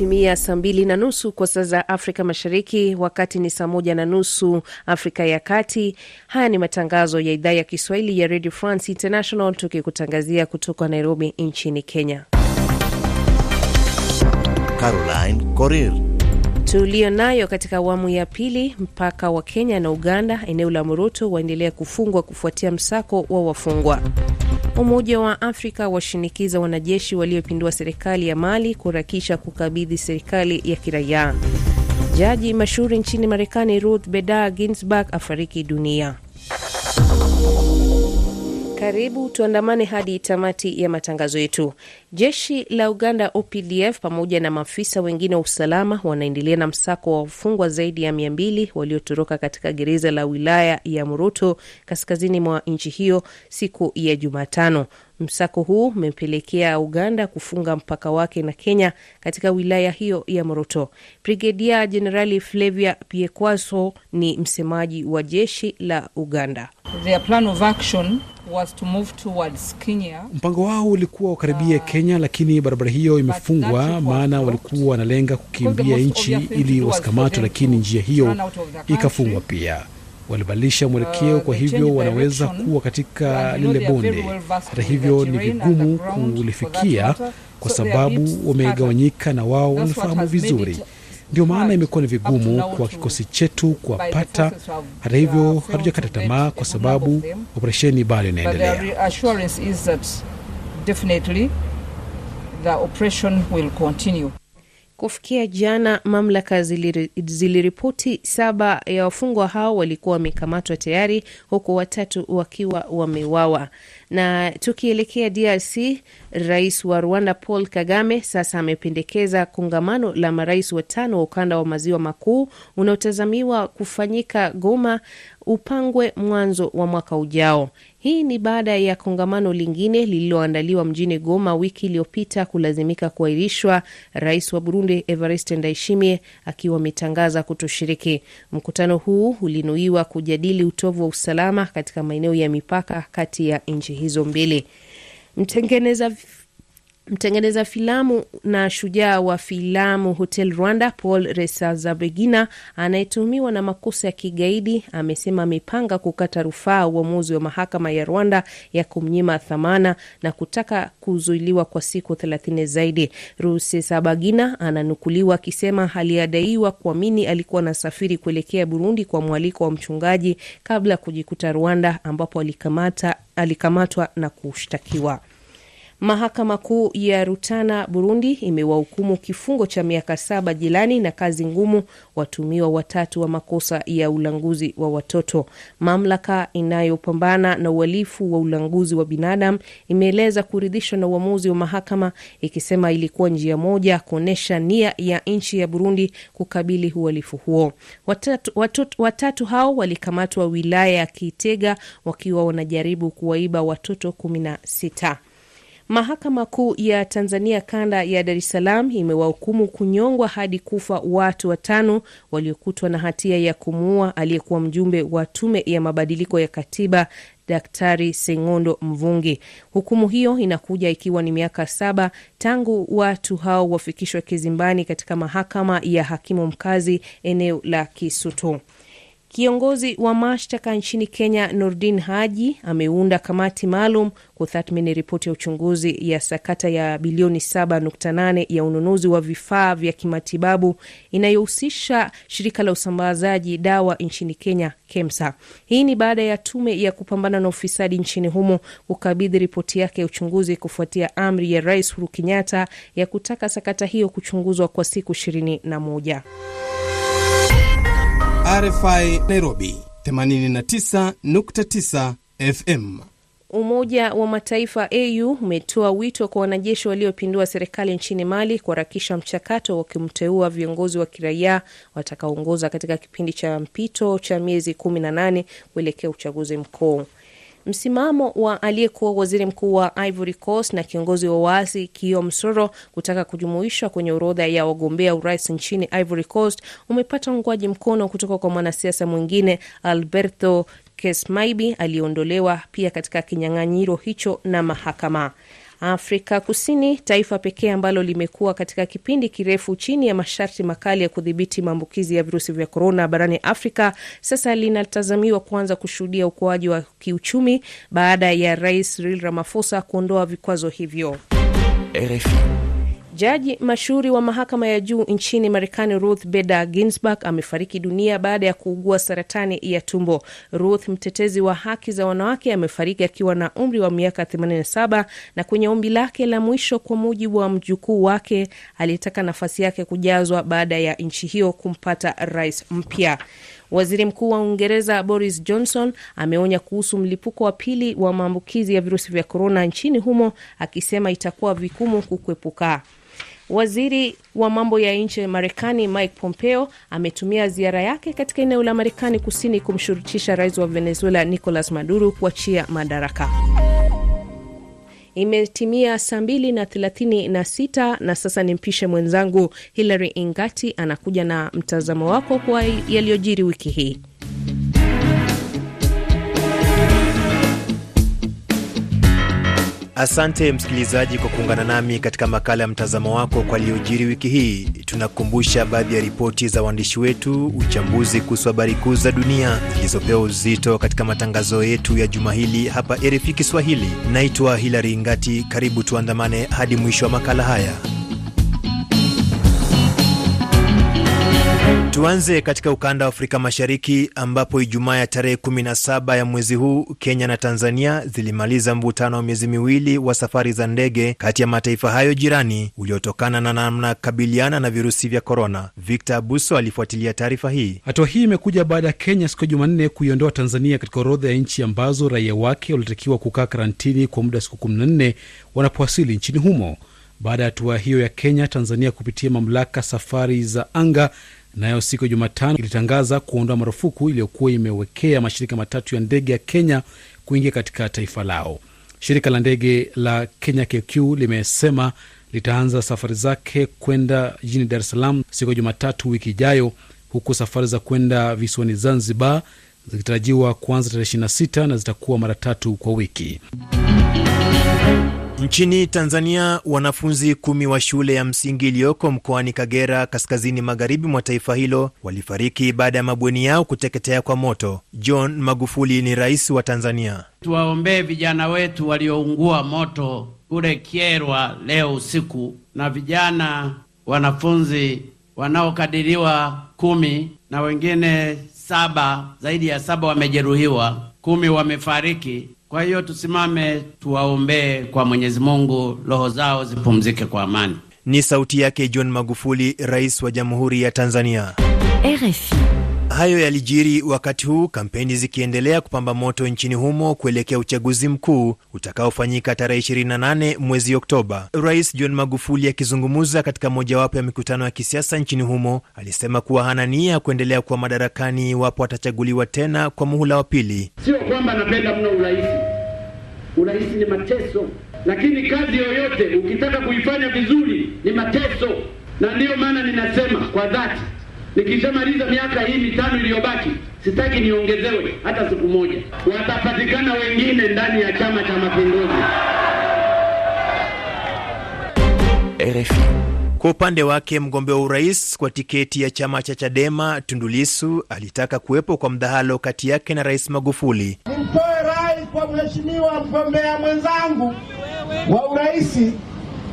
imetimia saa mbili na nusu kwa saa za Afrika Mashariki, wakati ni saa moja na nusu Afrika ya Kati. Haya ni matangazo ya idhaa ya Kiswahili ya Radio France International, tukikutangazia kutoka Nairobi nchini Kenya. Caroline Coril nayo katika awamu ya pili. Mpaka wa Kenya na Uganda eneo la Moroto waendelea kufungwa kufuatia msako wa wafungwa. Umoja wa Afrika washinikiza wanajeshi waliopindua serikali ya Mali kuharakisha kukabidhi serikali ya kiraia. Jaji mashuhuri nchini Marekani Ruth Bader Ginsburg afariki dunia. Karibu tuandamane hadi tamati ya matangazo yetu. Jeshi la Uganda OPDF pamoja na maafisa wengine wa usalama wanaendelea na msako wa wafungwa zaidi ya mia mbili waliotoroka katika gereza la wilaya ya moroto kaskazini mwa nchi hiyo siku ya Jumatano. Msako huu umepelekea Uganda kufunga mpaka wake na Kenya katika wilaya hiyo ya Moroto. Brigedia Jenerali Flavia Piekwaso ni msemaji wa jeshi la Uganda. Their plan of action was to move towards Kenya. Mpango wao ulikuwa wakaribia ah. Kenya, lakini barabara hiyo imefungwa, maana walikuwa wanalenga kukimbia nchi ili wasikamatwe, lakini njia hiyo ikafungwa pia. Walibadilisha uh, mwelekeo, kwa hivyo wanaweza kuwa katika lile bonde. Hata hivyo, ni vigumu kulifikia kwa sababu wamegawanyika, na wao wanafahamu vizuri ndio maana imekuwa ni vigumu kwa kikosi chetu kuwapata. Hata hivyo, hatujakata tamaa kwa sababu operesheni bado inaendelea. The operation will continue. Kufikia jana, mamlaka ziliripoti saba ya wafungwa hao walikuwa wamekamatwa tayari huku watatu wakiwa wameuawa. Na tukielekea DRC, rais wa Rwanda Paul Kagame sasa amependekeza kongamano la marais watano wa ukanda wa maziwa makuu unaotazamiwa kufanyika Goma upangwe mwanzo wa mwaka ujao. Hii ni baada ya kongamano lingine lililoandaliwa mjini Goma wiki iliyopita kulazimika kuahirishwa, rais wa Burundi evarist ndaishimie akiwa ametangaza kutoshiriki. Mkutano huu ulinuiwa kujadili utovu wa usalama katika maeneo ya mipaka kati ya nchi hizo mbili. Mtengeneza Mtengeneza filamu na shujaa wa filamu Hotel Rwanda Paul Rusesabagina anayetuhumiwa na makosa ya kigaidi amesema amepanga kukata rufaa uamuzi wa mahakama ya Rwanda ya kumnyima thamana na kutaka kuzuiliwa kwa siku 3 zaidi. Rusesabagina ananukuliwa akisema aliadaiwa kuamini alikuwa anasafiri kuelekea Burundi kwa mwaliko wa mchungaji kabla ya kujikuta Rwanda ambapo alikamatwa na kushtakiwa. Mahakama Kuu ya Rutana, Burundi, imewahukumu kifungo cha miaka saba jirani na kazi ngumu watumiwa watatu wa makosa ya ulanguzi wa watoto. Mamlaka inayopambana na uhalifu wa ulanguzi wa binadamu imeeleza kuridhishwa na uamuzi wa mahakama, ikisema ilikuwa njia moja kuonyesha nia ya nchi ya Burundi kukabili uhalifu huo. Watatu, watatu, watatu hao walikamatwa wilaya ya Kitega wakiwa wanajaribu kuwaiba watoto kumi na sita. Mahakama Kuu ya Tanzania kanda ya Dar es Salaam imewahukumu kunyongwa hadi kufa watu watano waliokutwa na hatia ya kumuua aliyekuwa mjumbe wa Tume ya Mabadiliko ya Katiba Daktari Sengondo Mvungi. Hukumu hiyo inakuja ikiwa ni miaka saba tangu watu hao wafikishwe kizimbani katika mahakama ya hakimu mkazi eneo la Kisutu. Kiongozi wa mashtaka nchini Kenya Nordin Haji ameunda kamati maalum kutathmini ripoti ya uchunguzi ya sakata ya bilioni 7.8 ya ununuzi wa vifaa vya kimatibabu inayohusisha shirika la usambazaji dawa nchini Kenya, KEMSA. Hii ni baada ya tume ya kupambana na ufisadi nchini humo kukabidhi ripoti yake ya uchunguzi kufuatia amri ya Rais Huru Kenyatta ya kutaka sakata hiyo kuchunguzwa kwa siku 21. RFI Nairobi 89.9 FM. Umoja wa Mataifa AU umetoa wito kwa wanajeshi waliopindua serikali nchini Mali kuharakisha mchakato wa kumteua viongozi wa kiraia watakaoongoza katika kipindi cha mpito cha miezi 18 kuelekea uchaguzi mkuu. Msimamo wa aliyekuwa waziri mkuu wa Ivory Coast na kiongozi wa waasi Guillaume Soro kutaka kujumuishwa kwenye orodha ya wagombea urais nchini Ivory Coast umepata ungwaji mkono kutoka kwa mwanasiasa mwingine Alberto Kesmaibi aliyeondolewa pia katika kinyang'anyiro hicho na mahakama. Afrika Kusini, taifa pekee ambalo limekuwa katika kipindi kirefu chini ya masharti makali ya kudhibiti maambukizi ya virusi vya korona barani Afrika, sasa linatazamiwa kuanza kushuhudia ukuaji wa kiuchumi baada ya Rais Cyril Ramaphosa kuondoa vikwazo hivyo. RFI. Jaji mashuhuri wa mahakama ya juu nchini Marekani Ruth Bader Ginsburg amefariki dunia baada ya kuugua saratani ya tumbo. Ruth, mtetezi wa haki za wanawake, amefariki akiwa na umri wa miaka 87 na kwenye ombi lake la mwisho, kwa mujibu wa mjukuu wake, alitaka nafasi yake kujazwa baada ya nchi hiyo kumpata rais mpya. Waziri Mkuu wa Uingereza Boris Johnson ameonya kuhusu mlipuko wa pili wa maambukizi ya virusi vya korona nchini humo, akisema itakuwa vigumu kukwepuka. Waziri wa mambo ya nje ya Marekani Mike Pompeo ametumia ziara yake katika eneo la Marekani kusini kumshurutisha rais wa Venezuela Nicolas Maduro kuachia madaraka. Imetimia saa mbili na thelathini na sita na sasa nimpishe mwenzangu Hilary Ingati anakuja na mtazamo wako kwa yaliyojiri wiki hii. Asante msikilizaji kwa kuungana nami katika makala ya mtazamo wako kwa aliyojiri wiki hii. Tunakumbusha baadhi ya ripoti za waandishi wetu, uchambuzi kuhusu habari kuu za dunia zilizopewa uzito katika matangazo yetu ya juma hili hapa RFI Kiswahili. Naitwa Hilary Ngati, karibu tuandamane hadi mwisho wa makala haya. Tuanze katika ukanda wa Afrika Mashariki ambapo Ijumaa ya tarehe 17 ya mwezi huu Kenya na Tanzania zilimaliza mvutano wa miezi miwili wa safari za ndege kati ya mataifa hayo jirani uliotokana na namna kabiliana na virusi vya korona. Victor Abuso alifuatilia taarifa hii. Hatua hii imekuja baada ya Kenya siku ya Jumanne kuiondoa Tanzania katika orodha ya nchi ambazo raia wake walitakiwa kukaa karantini kwa muda wa siku 14 wanapowasili nchini humo. Baada ya hatua hiyo ya Kenya, Tanzania kupitia mamlaka safari za anga nayo siku ya Jumatano ilitangaza kuondoa marufuku iliyokuwa imewekea mashirika matatu ya ndege ya Kenya kuingia katika taifa lao. Shirika la ndege la Kenya KQ limesema litaanza safari zake kwenda jijini Dar es Salaam siku ya Jumatatu wiki ijayo, huku safari za kwenda visiwani Zanzibar zikitarajiwa kuanza tarehe 26 na zitakuwa mara tatu kwa wiki. Nchini Tanzania, wanafunzi kumi wa shule ya msingi iliyoko mkoani Kagera, kaskazini magharibi mwa taifa hilo, walifariki baada ya mabweni yao kuteketea kwa moto. John Magufuli ni rais wa Tanzania. Tuwaombee vijana wetu walioungua moto kule Kyerwa leo usiku, na vijana wanafunzi wanaokadiriwa kumi na wengine saba, zaidi ya saba wamejeruhiwa, kumi wamefariki kwa hiyo tusimame, tuwaombee kwa Mwenyezi Mungu, roho zao zipumzike kwa amani. Ni sauti yake John Magufuli, rais wa Jamhuri ya Tanzania, RFI. Hayo yalijiri wakati huu kampeni zikiendelea kupamba moto nchini humo kuelekea uchaguzi mkuu utakaofanyika tarehe 28 mwezi Oktoba. Rais John Magufuli akizungumza katika mojawapo ya mikutano ya kisiasa nchini humo alisema kuwa hana nia ya kuendelea kuwa madarakani iwapo atachaguliwa tena kwa muhula wa pili. Sio kwamba napenda mno urais, urais ni mateso, lakini kazi yoyote ukitaka kuifanya vizuri ni mateso, na ndiyo maana ninasema kwa dhati Nikishamaliza miaka hii mitano iliyobaki, sitaki niongezewe hata siku moja. Watapatikana wengine ndani ya Chama cha Mapinduzi. RFI. Kwa upande wake mgombea wa urais kwa tiketi ya chama cha Chadema Tundulisu alitaka kuwepo kwa mdahalo kati yake na Rais Magufuli. Nimtoe rai kwa mheshimiwa mgombea mwenzangu wa urais,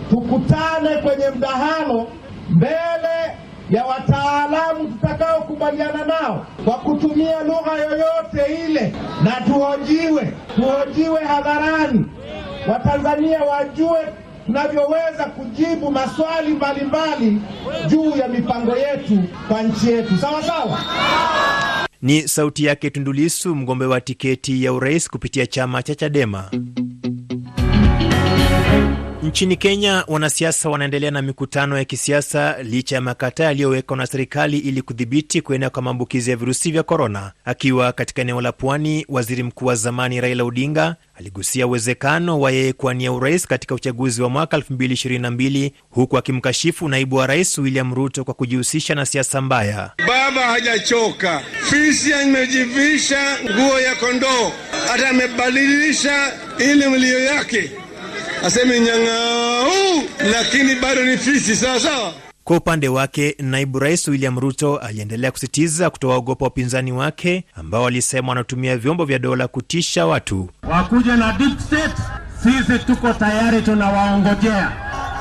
tukutane kwenye mdahalo mbele ya wataalamu tutakaokubaliana nao kwa kutumia lugha yoyote ile, na tuhojiwe, tuhojiwe hadharani, Watanzania wajue tunavyoweza kujibu maswali mbalimbali juu ya mipango yetu kwa nchi yetu. Sawa sawa. Ni sauti yake tundulisu mgombe mgombea wa tiketi ya urais kupitia chama cha Chadema. Nchini Kenya, wanasiasa wanaendelea na mikutano ya kisiasa licha ya makataa yaliyowekwa na serikali ili kudhibiti kuenea kwa maambukizi ya virusi vya korona. Akiwa katika eneo la Pwani, waziri mkuu wa zamani Raila Odinga aligusia uwezekano wa yeye kuwania urais katika uchaguzi wa mwaka 2022 huku akimkashifu naibu wa rais William Ruto kwa kujihusisha na siasa mbaya. Baba hajachoka, fisi amejivisha nguo ya kondoo, hata amebadilisha ile mlio yake aseme nyang'au, lakini bado ni fisi sawa sawa. Kwa upande wake naibu rais William Ruto aliendelea kusitiza kutowaogopa wapinzani wake ambao walisema wanatumia vyombo vya dola kutisha watu wakuja na deep state. Sisi tuko tayari, tunawaongojea,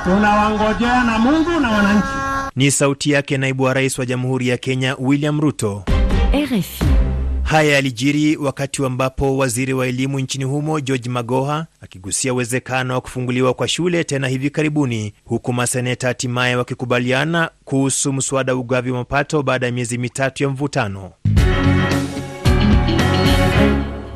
tunawaongojea na Mungu na wananchi. Ni sauti yake naibu wa rais wa jamhuri ya Kenya William Ruto, RFI. Haya yalijiri wakati ambapo waziri wa elimu nchini humo George Magoha akigusia uwezekano wa kufunguliwa kwa shule tena hivi karibuni, huku maseneta hatimaye wakikubaliana kuhusu mswada wa ugavi wa mapato baada ya miezi mitatu ya mvutano.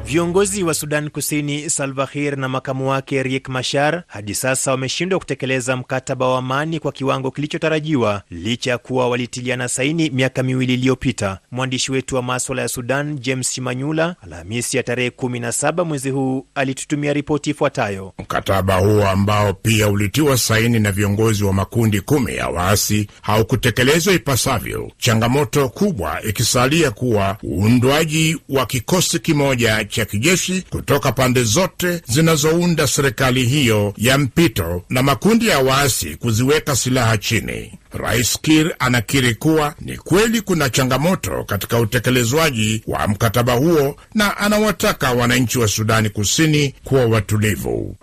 Viongozi wa Sudan Kusini Salva Kiir na makamu wake Riek Machar hadi sasa wameshindwa kutekeleza mkataba wa amani kwa kiwango kilichotarajiwa licha ya kuwa walitiliana saini miaka miwili iliyopita. Mwandishi wetu wa maswala ya Sudan James Shimanyula Alhamisi ya tarehe 17 mwezi huu alitutumia ripoti ifuatayo. Mkataba huo ambao pia ulitiwa saini na viongozi wa makundi kumi ya waasi haukutekelezwa ipasavyo, changamoto kubwa ikisalia kuwa uundwaji wa kikosi kimoja cha kijeshi kutoka pande zote zinazounda serikali hiyo ya mpito na makundi ya waasi kuziweka silaha chini. Rais Kir anakiri kuwa ni kweli kuna changamoto katika utekelezwaji wa mkataba huo na anawataka wananchi wa Sudani Kusini kuwa watulivu.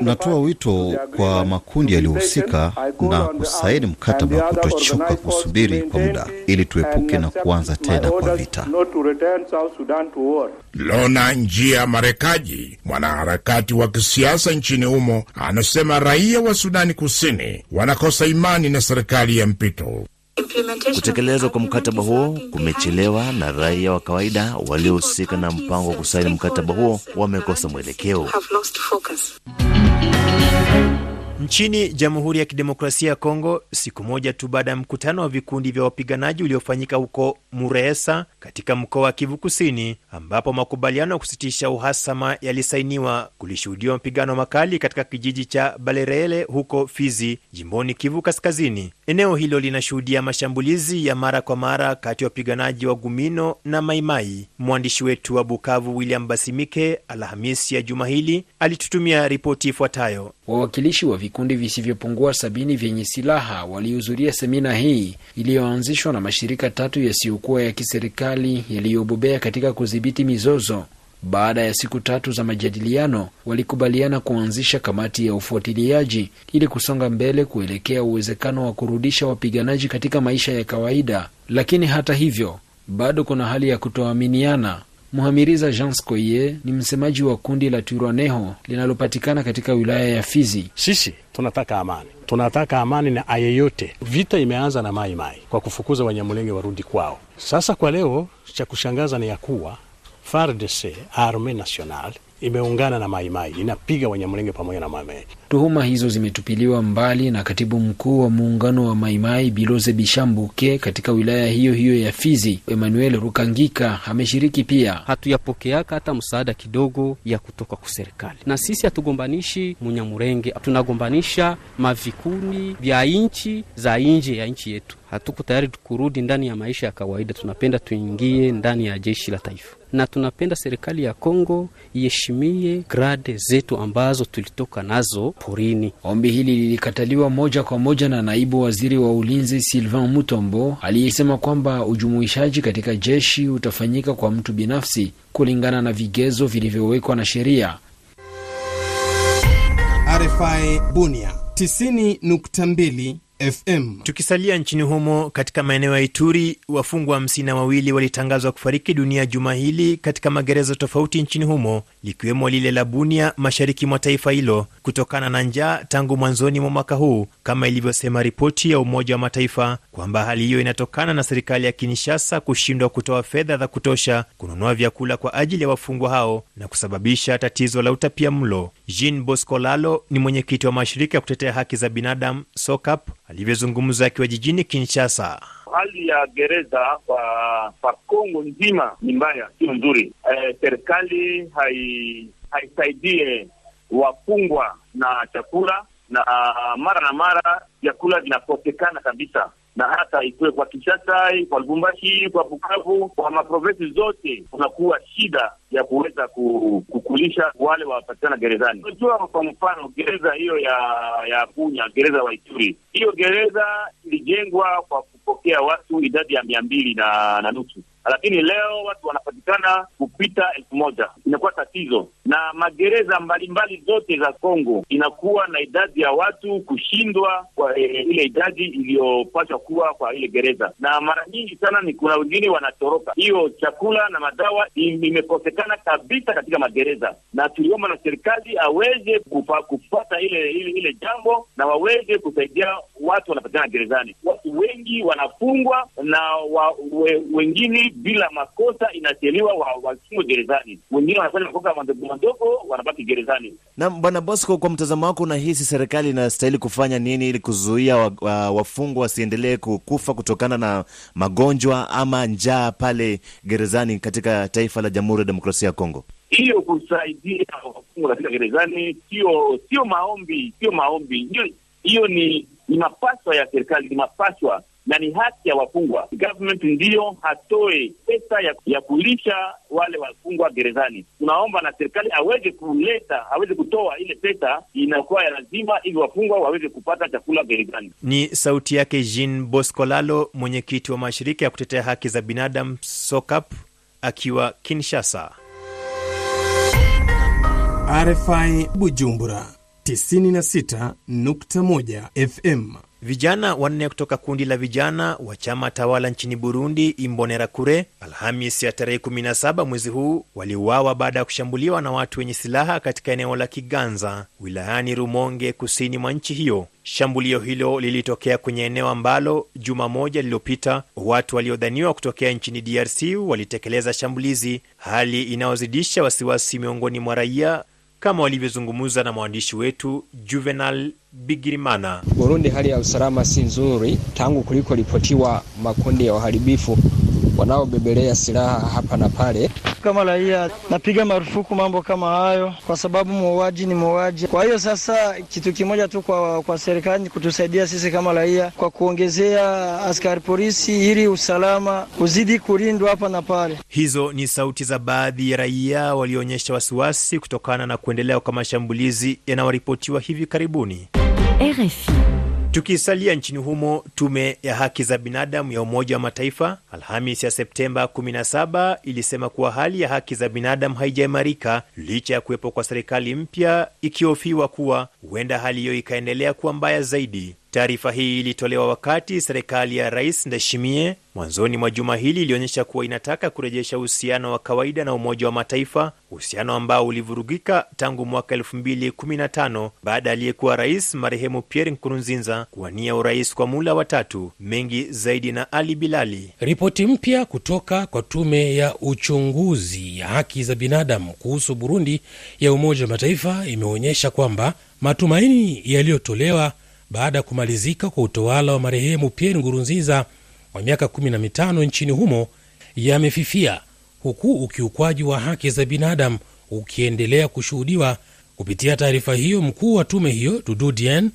Natoa wito kwa makundi yaliyohusika na kusaini mkataba kutochoka kusubiri kwa muda ili tuepuke na kuanza tena kwa vita. Lona Njia Marekaji, mwanaharakati wa kisiasa nchini humo, anasema raia wa Sudani Kusini wanakosa imani na serikali serikali ya mpito. Kutekelezwa kwa mkataba huo kumechelewa na raia wa kawaida waliohusika na mpango wa kusaini mkataba huo wamekosa mwelekeo. Nchini Jamhuri ya Kidemokrasia ya Kongo, siku moja tu baada ya mkutano wa vikundi vya wapiganaji uliofanyika huko Mureesa katika mkoa wa Kivu Kusini, ambapo makubaliano ya kusitisha uhasama yalisainiwa, kulishuhudiwa mapigano makali katika kijiji cha Balerele huko Fizi, jimboni Kivu Kaskazini. Eneo hilo linashuhudia mashambulizi ya mara kwa mara kati ya wapiganaji wa Gumino na Maimai. Mwandishi wetu wa Bukavu William Basimike Alhamisi ya juma hili alitutumia ripoti ifuatayo. Wawakilishi wa vikundi visivyopungua sabini vyenye silaha walihudhuria semina hii iliyoanzishwa na mashirika tatu yasiyokuwa ya kiserikali yaliyobobea katika kudhibiti mizozo. Baada ya siku tatu za majadiliano, walikubaliana kuanzisha kamati ya ufuatiliaji ili kusonga mbele kuelekea uwezekano wa kurudisha wapiganaji katika maisha ya kawaida. Lakini hata hivyo, bado kuna hali ya kutoaminiana. Muhamiriza Jean Scoye ni msemaji wa kundi la turaneho linalopatikana katika wilaya ya Fizi. Sisi tunataka amani, tunataka amani na ayeyote. Vita imeanza na Maimai mai, kwa kufukuza Wanyamulenge warudi kwao. Sasa kwa leo cha kushangaza ni ya kuwa FARDC Arme National imeungana na Maimai inapiga wanyamlenge pamoja na Maimai. Tuhuma hizo zimetupiliwa mbali na katibu mkuu wa muungano wa Maimai Biloze Bishambuke katika wilaya hiyo hiyo ya Fizi. Emmanuel Rukangika ameshiriki pia. Hatuyapokeaka hata msaada kidogo ya kutoka kwa serikali, na sisi hatugombanishi Munyamurenge, tunagombanisha mavikuni vya nchi za nje ya nchi yetu hatuko tayari kurudi ndani ya maisha ya kawaida. Tunapenda tuingie ndani ya jeshi la taifa, na tunapenda serikali ya Kongo iheshimie grade zetu ambazo tulitoka nazo porini. Ombi hili lilikataliwa moja kwa moja na naibu waziri wa ulinzi Sylvain Mutombo aliyesema kwamba ujumuishaji katika jeshi utafanyika kwa mtu binafsi kulingana na vigezo vilivyowekwa na sheria. RFI Bunia 90.2 FM. Tukisalia nchini humo katika maeneo ya Ituri, wafungwa hamsini na wawili walitangazwa kufariki dunia juma hili katika magereza tofauti nchini humo likiwemo lile la Bunia mashariki mwa taifa hilo kutokana na njaa tangu mwanzoni mwa mwaka huu, kama ilivyosema ripoti ya Umoja wa Mataifa kwamba hali hiyo inatokana na serikali ya Kinshasa kushindwa kutoa fedha za kutosha kununua vyakula kwa ajili ya wafungwa hao na kusababisha tatizo la utapia mlo. Jean Bosco Lalo ni mwenyekiti wa mashirika ya kutetea haki za binadamu SOCAP alivyozungumza akiwa jijini Kinshasa. Hali ya gereza kwa kwa Kongo nzima ni mbaya, sio nzuri. Eh, serikali eh, haisaidie wafungwa na chakula, na mara na mara vyakula vinakosekana kabisa na hata ikuwe kwa Kinshasa, kwa Lubumbashi, kwa Bukavu, kwa maprovensi zote, kunakuwa shida ya kuweza kukulisha wale wapatikana gerezani. Unajua, kwa mfano gereza hiyo ya ya Bunya, gereza wa Ituri, hiyo gereza ilijengwa kwa kupokea watu idadi ya mia mbili na na nusu lakini leo watu wanapatikana kupita elfu moja. Inakuwa tatizo, na magereza mbalimbali zote za Kongo inakuwa na idadi ya watu kushindwa kwa e, ile idadi iliyopashwa kuwa kwa ile gereza, na mara nyingi sana ni kuna wengine wanatoroka. Hiyo chakula na madawa imekosekana kabisa katika magereza, na tuliomba na serikali aweze kufata ile, ile ile jambo na waweze kusaidia watu wanapatikana gerezani. Watu wengi wanafungwa na wa, we, wengine bila makosa inatiliwa wakiwa gerezani. Wengine wanafanya makosa madogo madogo, wanabaki gerezani. Na bwana Bosco, kwa mtazamo wako, unahisi serikali inastahili kufanya nini ili kuzuia wafungwa wa, wasiendelee kukufa kutokana na magonjwa ama njaa pale gerezani katika taifa la Jamhuri ya Demokrasia ya Kongo? Hiyo kusaidia wafungwa katika gerezani sio sio maombi, sio maombi hiyo, hiyo ni ni mapaswa ya serikali, ni mapaswa na ni haki ya wafungwa. Government ndiyo hatoe pesa ya, ya kulisha wale wafungwa gerezani. Tunaomba na serikali aweze kuleta, aweze kutoa ile pesa inakuwa ya lazima, ili wafungwa waweze kupata chakula gerezani. Ni sauti yake Jean Bosco Lalo, mwenyekiti wa mashirika ya kutetea haki za binadamu SOCAP akiwa Kinshasa. RFI Bujumbura 96.1 FM. Vijana wanne kutoka kundi la vijana wa chama tawala nchini Burundi, Imbonerakure, Alhamis ya tarehe 17 mwezi huu waliuawa baada ya kushambuliwa na watu wenye silaha katika eneo la Kiganza wilayani Rumonge, kusini mwa nchi hiyo. Shambulio hilo lilitokea kwenye eneo ambalo juma moja lililopita watu waliodhaniwa kutokea nchini DRC walitekeleza shambulizi, hali inayozidisha wasiwasi miongoni mwa raia kama walivyozungumza na mwandishi wetu Juvenal Bigirimana. Burundi, hali ya usalama si nzuri tangu kuliko ripotiwa makundi ya uharibifu wanaobebelea silaha hapa na pale. Kama raia napiga marufuku mambo kama hayo, kwa sababu muuaji ni muuaji. Kwa hiyo sasa, kitu kimoja tu kwa, kwa serikali kutusaidia sisi kama raia kwa kuongezea askari polisi ili usalama uzidi kulindwa hapa na pale. Hizo ni sauti za baadhi ya raia walioonyesha wasiwasi kutokana na kuendelea kwa mashambulizi yanayoripotiwa hivi karibuni. RFI. Tukisalia nchini humo, tume ya haki za binadamu ya Umoja wa Mataifa Alhamis ya Septemba 17 ilisema kuwa hali ya haki za binadamu haijaimarika licha ya kuwepo kwa serikali mpya, ikihofiwa kuwa huenda hali hiyo ikaendelea kuwa mbaya zaidi. Taarifa hii ilitolewa wakati serikali ya Rais Ndashimie mwanzoni mwa juma hili ilionyesha kuwa inataka kurejesha uhusiano wa kawaida na Umoja wa Mataifa, uhusiano ambao ulivurugika tangu mwaka 2015 baada ya aliyekuwa rais marehemu Pierre Nkurunziza kuwania urais kwa mula watatu. Mengi zaidi na Ali Bilali. Ripoti mpya kutoka kwa tume ya uchunguzi ya haki za binadamu kuhusu Burundi ya Umoja wa Mataifa imeonyesha kwamba matumaini yaliyotolewa baada ya kumalizika kwa utawala wa marehemu Pierre Ngurunziza wa miaka 15 nchini humo yamefifia huku ukiukwaji wa haki za binadamu ukiendelea kushuhudiwa. Kupitia taarifa hiyo, mkuu wa tume hiyo Dudu Dien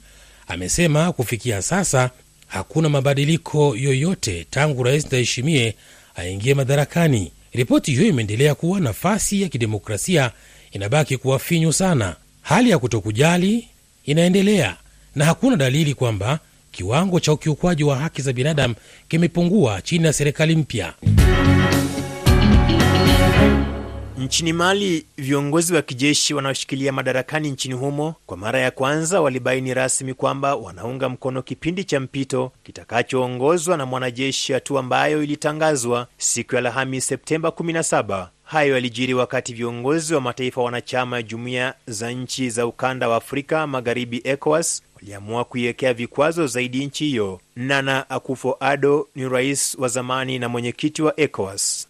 amesema kufikia sasa hakuna mabadiliko yoyote tangu Rais Ndayishimiye aingie madarakani. Ripoti hiyo imeendelea kuwa nafasi ya kidemokrasia inabaki kuwa finyu sana, hali ya kutokujali inaendelea na hakuna dalili kwamba kiwango cha ukiukwaji wa haki za binadamu kimepungua chini ya serikali mpya. Nchini Mali, viongozi wa kijeshi wanaoshikilia madarakani nchini humo kwa mara ya kwanza walibaini rasmi kwamba wanaunga mkono kipindi cha mpito kitakachoongozwa na mwanajeshi, hatua ambayo ilitangazwa siku ya lahami Septemba 17. Hayo yalijiri wakati viongozi wa mataifa wanachama ya jumuiya za nchi za ukanda wa Afrika Magharibi, ecoas waliamua kuiwekea vikwazo zaidi nchi hiyo. Nana akufo Ado ni rais wa zamani na mwenyekiti wa ECOWAS.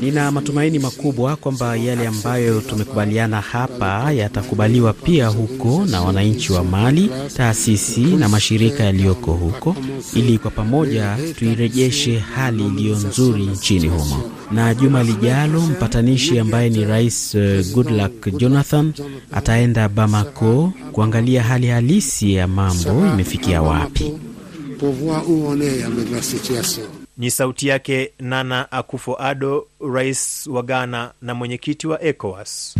Nina matumaini makubwa kwamba yale ambayo tumekubaliana hapa yatakubaliwa pia huko na wananchi wa Mali, taasisi na mashirika yaliyoko huko, ili kwa pamoja tuirejeshe hali iliyo nzuri nchini humo na juma lijalo mpatanishi ambaye ni Rais uh, Goodluck Jonathan ataenda Bamako kuangalia hali halisi ya mambo imefikia wapi. Ni sauti yake Nana akufo Ado, rais wa Ghana na mwenyekiti wa ECOWAS.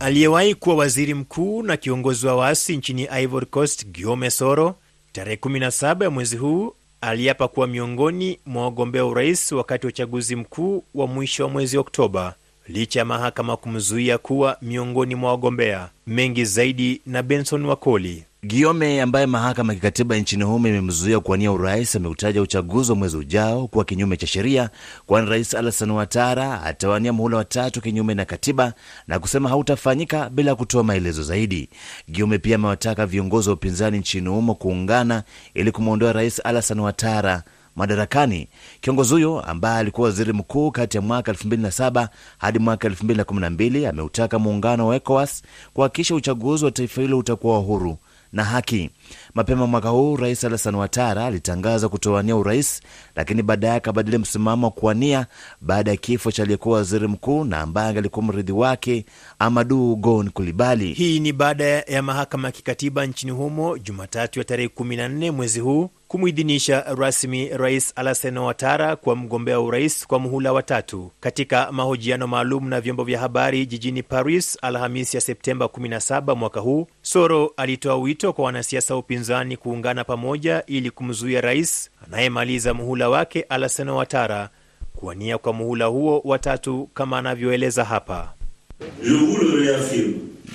Aliyewahi kuwa waziri mkuu na kiongozi wa waasi nchini Ivory Coast Guillaume Soro tarehe 17 ya mwezi huu aliapa kuwa miongoni mwa wagombea urais wakati wa uchaguzi mkuu wa mwisho wa mwezi Oktoba, licha ya mahakama kumzuia kuwa miongoni mwa wagombea. Mengi zaidi na Benson Wakoli. Giome ambaye mahakama ya kikatiba nchini humo imemzuia kuwania urais ameutaja uchaguzi wa mwezi ujao kuwa kinyume cha sheria, kwani Rais Alasan Watara atawania muhula watatu kinyume na katiba na kusema hautafanyika bila kutoa maelezo zaidi. Giome pia amewataka viongozi wa upinzani nchini humo kuungana ili kumwondoa Rais Alasan Watara madarakani. Kiongozi huyo ambaye alikuwa waziri mkuu kati ya mwaka 2007 hadi mwaka 2012 ameutaka muungano wa ECOWAS kuhakikisha uchaguzi wa taifa hilo utakuwa wa huru na haki. Mapema mwaka huu Rais Alasan Watara alitangaza kutowania urais, lakini baadaye akabadili msimamo wa kuwania baada ya kifo cha aliyekuwa waziri mkuu na ambaye angalikuwa mrithi wake Amadu Gon Kulibali. Hii ni baada ya mahakama ya kikatiba nchini humo Jumatatu ya tarehe 14 mwezi huu kumwidhinisha rasmi Rais Alassane Ouattara kwa mgombea wa urais kwa muhula wa tatu. Katika mahojiano maalum na vyombo vya habari jijini Paris Alhamisi ya Septemba 17 mwaka huu, Soro alitoa wito kwa wanasiasa wa upinzani kuungana pamoja ili kumzuia rais anayemaliza muhula wake Alassane Ouattara kuwania kwa muhula huo watatu, kama anavyoeleza hapa.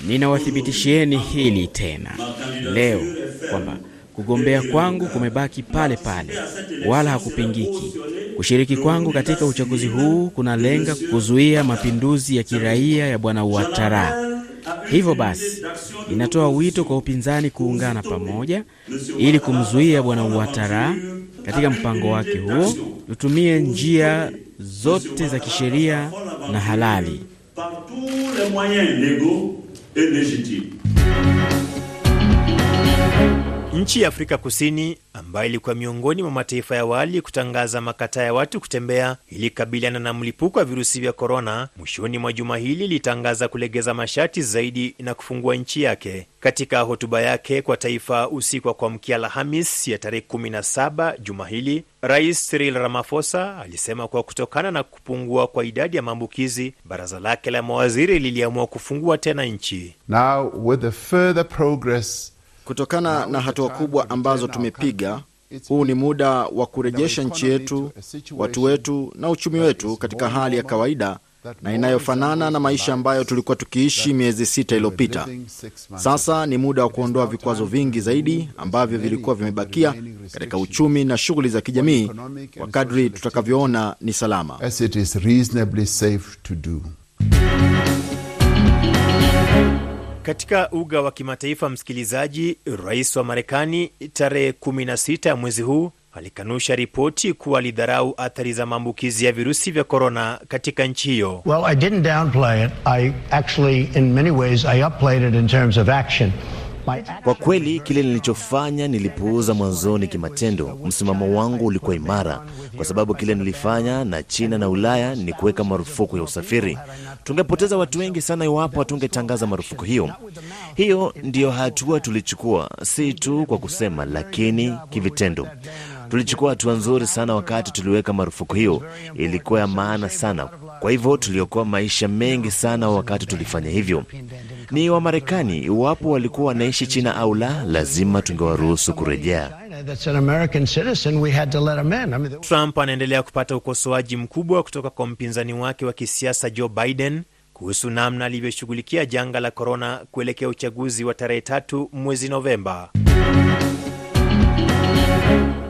Ninawathibitishieni hili tena leo kwamba Kugombea kwangu kumebaki pale pale, wala hakupingiki. Kushiriki kwangu katika uchaguzi huu kunalenga kuzuia mapinduzi ya kiraia ya Bwana Ouattara. Hivyo basi, inatoa wito kwa upinzani kuungana pamoja ili kumzuia Bwana Ouattara katika mpango wake huo. Tutumie njia zote za kisheria na halali. Nchi ya Afrika Kusini ambayo ilikuwa miongoni mwa mataifa ya awali kutangaza makataa ya watu kutembea ili kabiliana na mlipuko wa virusi vya korona, mwishoni mwa juma hili ilitangaza kulegeza masharti zaidi na kufungua nchi yake. Katika hotuba yake kwa taifa usiku wa kuamkia Alhamis ya tarehe 17 juma hili, Rais Cyril Ramaphosa alisema kuwa kutokana na kupungua kwa idadi ya maambukizi, baraza lake la mawaziri liliamua kufungua tena nchi Now, with the further progress Kutokana na hatua kubwa ambazo tumepiga, huu ni muda wa kurejesha nchi yetu, watu wetu na uchumi wetu katika hali ya kawaida na inayofanana na maisha ambayo tulikuwa tukiishi miezi sita iliyopita. Sasa ni muda wa kuondoa vikwazo vingi zaidi ambavyo vilikuwa vimebakia katika uchumi na shughuli za kijamii, kwa kadri tutakavyoona ni salama. Katika uga wa kimataifa, msikilizaji, rais wa Marekani tarehe 16 mwezi huu alikanusha ripoti kuwa alidharau athari za maambukizi ya virusi vya korona katika nchi hiyo. Well, kwa kweli kile nilichofanya nilipuuza mwanzoni kimatendo. Msimamo wangu ulikuwa imara, kwa sababu kile nilifanya na China na Ulaya ni kuweka marufuku ya usafiri. Tungepoteza watu wengi sana iwapo hatungetangaza marufuku hiyo. Hiyo ndiyo hatua tulichukua, si tu kwa kusema, lakini kivitendo. Tulichukua hatua nzuri sana wakati tuliweka marufuku hiyo, ilikuwa ya maana sana. Kwa hivyo tuliokoa maisha mengi sana wakati tulifanya hivyo ni Wamarekani. Iwapo walikuwa wanaishi China au la, lazima tungewaruhusu kurejea. Trump anaendelea kupata ukosoaji mkubwa kutoka kwa mpinzani wake wa kisiasa Joe Biden kuhusu namna alivyoshughulikia janga la korona kuelekea uchaguzi wa tarehe tatu mwezi Novemba.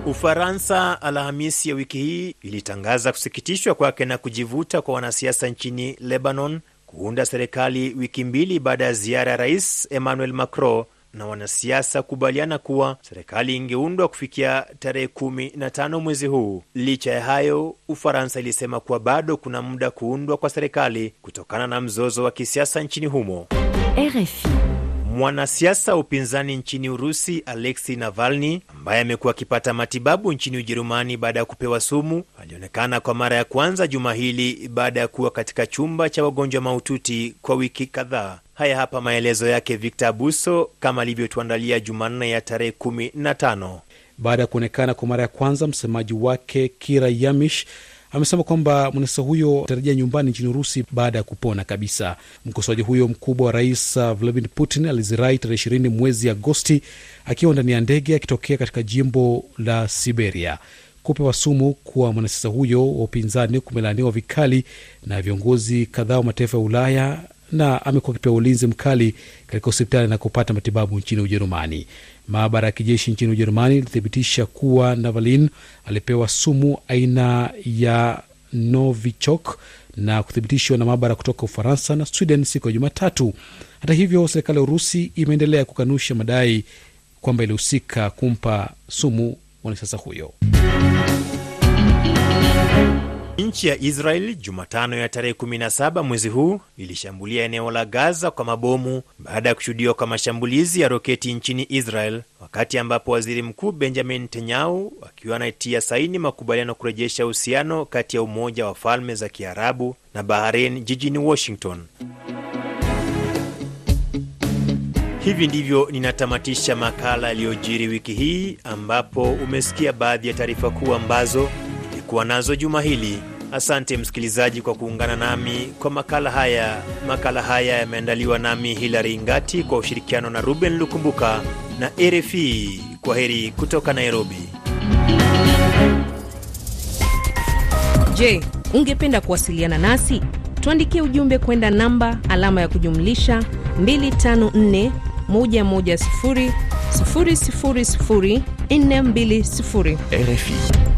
Ufaransa Alhamisi ya wiki hii ilitangaza kusikitishwa kwake na kujivuta kwa wanasiasa nchini Lebanon kuunda serikali wiki mbili baada ya ziara ya Rais Emmanuel Macron na wanasiasa kubaliana kuwa serikali ingeundwa kufikia tarehe 15 mwezi huu. Licha ya hayo, Ufaransa ilisema kuwa bado kuna muda kuundwa kwa serikali kutokana na mzozo wa kisiasa nchini humo. RFI. Mwanasiasa wa upinzani nchini Urusi Alexei Navalny ambaye amekuwa akipata matibabu nchini Ujerumani baada ya kupewa sumu alionekana kwa mara ya kwanza juma hili baada ya kuwa katika chumba cha wagonjwa mahututi kwa wiki kadhaa. Haya hapa maelezo yake Victor Abuso kama alivyotuandalia Jumanne ya tarehe kumi na tano baada ya kuonekana kwa mara ya kwanza msemaji wake Kira Yamish amesema kwamba mwanasiasa huyo atarejea nyumbani nchini Urusi baada ya kupona kabisa. Mkosoaji huyo mkubwa wa rais uh, Vladimir Putin alizirai tarehe ishirini mwezi Agosti akiwa ndani ya ndege akitokea katika jimbo la Siberia. Kupewa sumu kwa mwanasiasa huyo wa upinzani kumelaaniwa vikali na viongozi kadhaa wa mataifa ya Ulaya na amekuwa akipewa ulinzi mkali katika hospitali na kupata matibabu nchini Ujerumani. Maabara ya kijeshi nchini Ujerumani ilithibitisha kuwa navalin alipewa sumu aina ya Novichok na kuthibitishwa na maabara kutoka Ufaransa na Sweden siku ya Jumatatu. Hata hivyo, serikali ya Urusi imeendelea kukanusha madai kwamba ilihusika kumpa sumu mwanasiasa huyo. Nchi ya Israel Jumatano ya tarehe 17 mwezi huu ilishambulia eneo la Gaza kwa mabomu baada ya kushuhudiwa kwa mashambulizi ya roketi nchini Israel, wakati ambapo waziri mkuu Benjamin Netanyahu akiwa anaitia saini makubaliano kurejesha uhusiano kati ya Umoja wa Falme za Kiarabu na Bahrain jijini Washington. Hivi ndivyo ninatamatisha makala yaliyojiri wiki hii, ambapo umesikia baadhi ya taarifa kuu ambazo kuwa nazo juma hili. Asante msikilizaji kwa kuungana nami kwa makala haya. Makala haya yameandaliwa nami Hilary Ngati kwa ushirikiano na Ruben Lukumbuka na RFI. Kwa heri kutoka Nairobi. Je, ungependa kuwasiliana nasi? Tuandikie ujumbe kwenda namba alama ya kujumlisha 254 110 000 420. RFI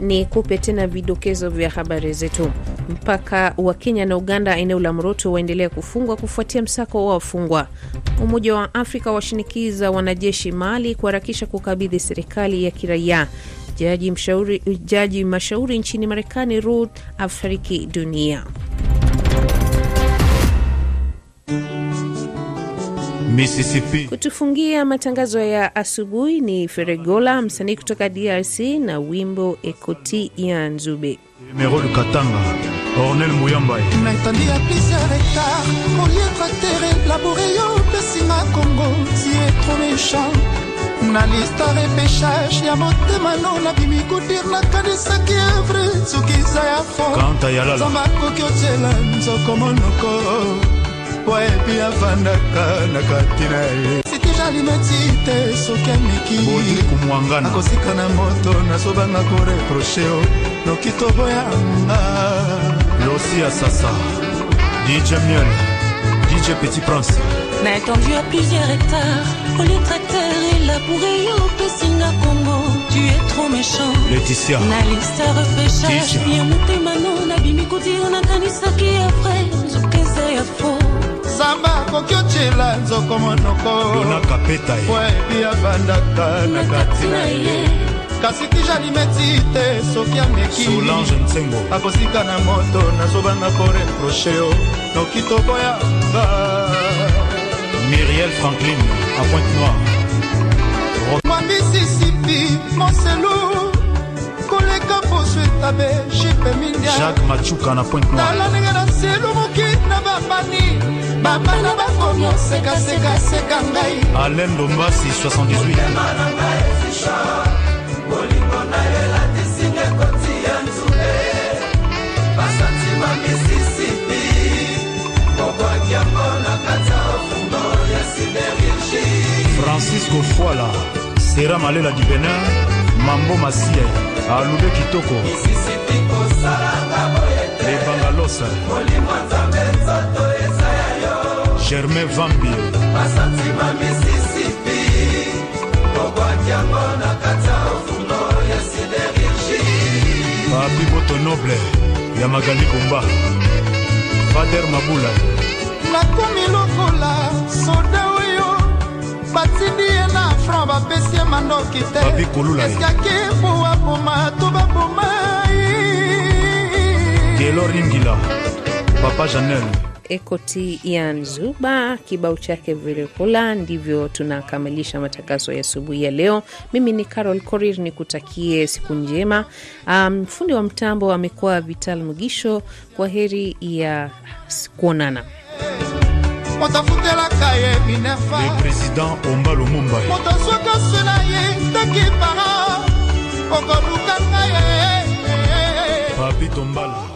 ni kupe tena vidokezo vya habari zetu. Mpaka wa Kenya na Uganda eneo la mroto waendelea kufungwa kufuatia msako wa wafungwa. Umoja wa Afrika washinikiza wanajeshi Mali kuharakisha kukabidhi serikali ya kiraia. Jaji, jaji mashauri nchini Marekani Ruth afariki dunia. Mississippi. Kutufungia matangazo ya asubuhi ni Feregola, msanii kutoka DRC na wimbo Ekoti ya Nzube. Numéro de Katanga, Ornel ya reta, molieko tere, labore yo pesinga Kongo, si etro na lista ya motema no kudir ya fo zamba akoki otyela nzoko monoko poepi avandaka na kati na ye sitijalimeti te soki ameki kumwangana akosika na moto nazobanga koreproche o noki toboyanga losi ya sasa dj Mion dj petit prince na étendu à plusieurs hectares oli tracteur elabouré yo opesinga kongo tu es trop méchant leticia na lista refresha ye motema no qui kotira nakanisaki apres nzokeza ya faux zamba akoki otyela nzoko monokoebi abandaka na kati na ye kasi tijalimeti te soki ameki akosika na moto nazobanga koreproche yo noki tokoyamba miriel franklin a pointe noire mwambisisipi moselu koleka poso etabe jipe mindiajacques machuka na pointe noirtala ndenge na nselu moki na bambani babana bakomi osekasekaseka ngai alain lombasi 78 francisco foila sera malela du beneur mambo masie alube kitoko lebanga losa germain vambi masantima misisipi kokwatiango na kati ya ofungo ya siderurgi papi boto noble ya magali bomba fader mabula nakomi lokola soda batindi na bapesi ye mandoki te to babomai gelo ringila papa janel Ekoti ya Nzuba kibao chake Virikula. Ndivyo tunakamilisha matangazo ya asubuhi ya leo. Mimi ni Carol Korir, nikutakie siku njema. Mfundi um, wa mtambo amekuwa Vital Mugisho. Kwa heri ya kuonana. moto afutelaka ye minerva président omba lumumba moto soki osuna ye taki para okolukanga ye papi tombala